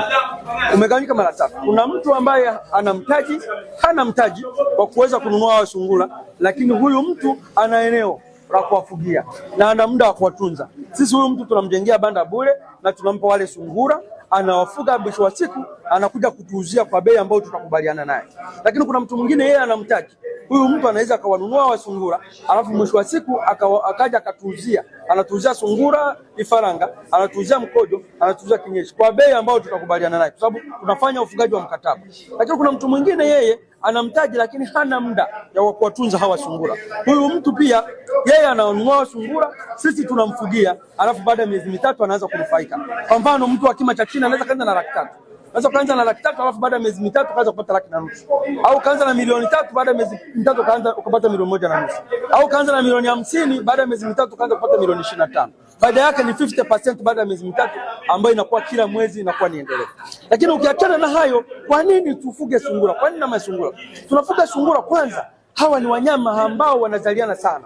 hivi umegawanyika mara tatu. Kuna mtu ambaye ana mtaji, hana mtaji wa kuweza kununua hawa sungura, lakini huyu mtu ana eneo la kuwafugia na ana muda wa kuwatunza. Sisi huyu mtu tunamjengea banda bure na tunampa wale sungura anawafuga mwisho wa siku anakuja kutuuzia kwa bei ambayo tutakubaliana naye. Lakini kuna mtu mwingine yeye ana mtaji, Huyu mtu anaweza akawanunua wa sungura, alafu mwisho wa siku akaja akatuuzia, anatuuzia sungura ifaranga, anatuuzia mkojo, anatuuzia kienyeji kwa bei ambayo tutakubaliana naye, kwa sababu tunafanya ufugaji wa mkataba. Lakini kuna mtu mwingine yeye anamtaji lakini hana muda ya kuwatunza hawa sungura. Huyu mtu pia yeye ananunua sungura, sisi tunamfugia, alafu baada ya miezi mitatu anaanza kunufaika. Kwa mfano, mtu wa kima cha chini anaweza kaenda na laki tatu Unaweza kuanza na laki tatu alafu baada ya miezi mitatu ukaanza kupata laki na nusu, au kaanza na milioni tatu baada ya miezi mitatu ukaanza kupata milioni moja na nusu, au kaanza na milioni hamsini baada ya miezi mitatu ukaanza kupata milioni ishirini na tano. Faida yake ni 50% baada ya miezi mitatu, ambayo inakuwa kila mwezi inakuwa ni endelevu. Lakini ukiachana na hayo, kwa nini tufuge sungura? Kwa nini na masungura? tunafuga sungura? Kwanza hawa ni wanyama ambao wanazaliana sana,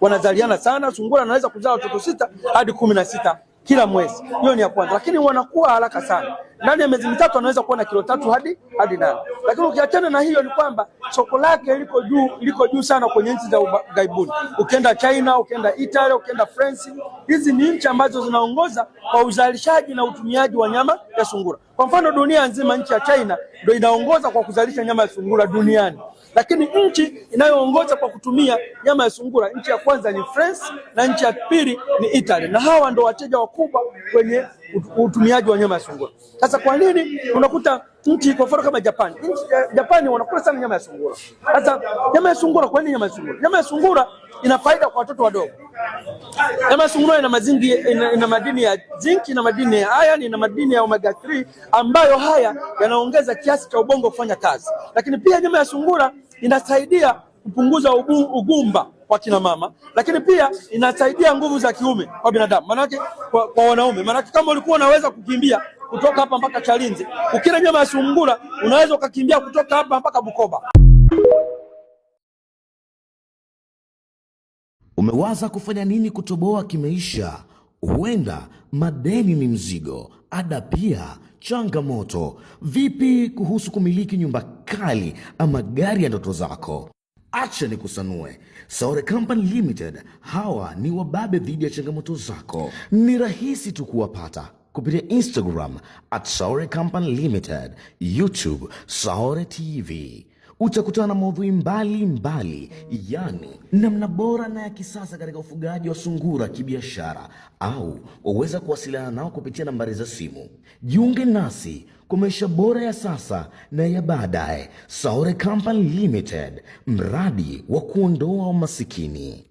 wanazaliana sana. Sungura anaweza kuzaa watoto sita hadi kumi na sita kila mwezi. Hiyo ni ya kwanza, lakini wanakuwa haraka sana ndani ya miezi mitatu anaweza kuwa na kilo tatu hadi hadi nane. Lakini ukiachana na hiyo ni kwamba soko lake liko juu, liko juu sana kwenye nchi za ughaibuni. Ukienda China, ukienda Italy, ukienda France, hizi ni nchi ambazo zinaongoza kwa uzalishaji na utumiaji wa nyama ya sungura. Kwa mfano, dunia nzima nchi ya China ndio inaongoza kwa kuzalisha nyama ya sungura duniani, lakini nchi inayoongoza kwa kutumia nyama ya sungura, nchi ya kwanza ni France na nchi ya pili ni Italy, na hawa ndio wateja wakubwa kwenye utumiaji wa nyama ya sungura. Sasa kwa nini unakuta nchi kwa mfano kama Japan. Nchi ya Japan wanakula sana nyama ya sungura. Sasa nyama ya sungura, kwa nini nyama ya sungura? Nyama ya sungura ina faida kwa watoto wadogo. Nyama ya sungura ina mazingi, ina, ina madini ya zinc, na madini ya iron, na madini ya omega 3 ambayo haya yanaongeza kiasi cha ubongo kufanya kazi. Lakini pia nyama ya sungura inasaidia kupunguza ubu, ugumba kwa kina mama, lakini pia inasaidia nguvu za kiume kwa binadamu, maanake kwa, kwa wanaume, maanake kama ulikuwa unaweza kukimbia kutoka hapa mpaka Chalinze. Ukila nyama ya sungura unaweza ukakimbia kutoka hapa mpaka Bukoba. Umewaza kufanya nini kutoboa kimaisha? Huenda madeni ni mzigo, ada pia changamoto. Vipi kuhusu kumiliki nyumba kali ama gari ya ndoto zako? Acha nikusanue. Saore Company Limited, hawa ni wababe dhidi ya changamoto zako. Ni rahisi tu kuwapata kupitia Instagram at Saore Company Limited, YouTube Saore TV utakutana na maudhui mbalimbali, yani namna bora na ya kisasa katika ufugaji wa sungura kibiashara, au waweza kuwasiliana nao kupitia nambari za simu. Jiunge nasi kwa maisha bora ya sasa na ya baadaye. Saore Company Limited, mradi wa kuondoa umasikini.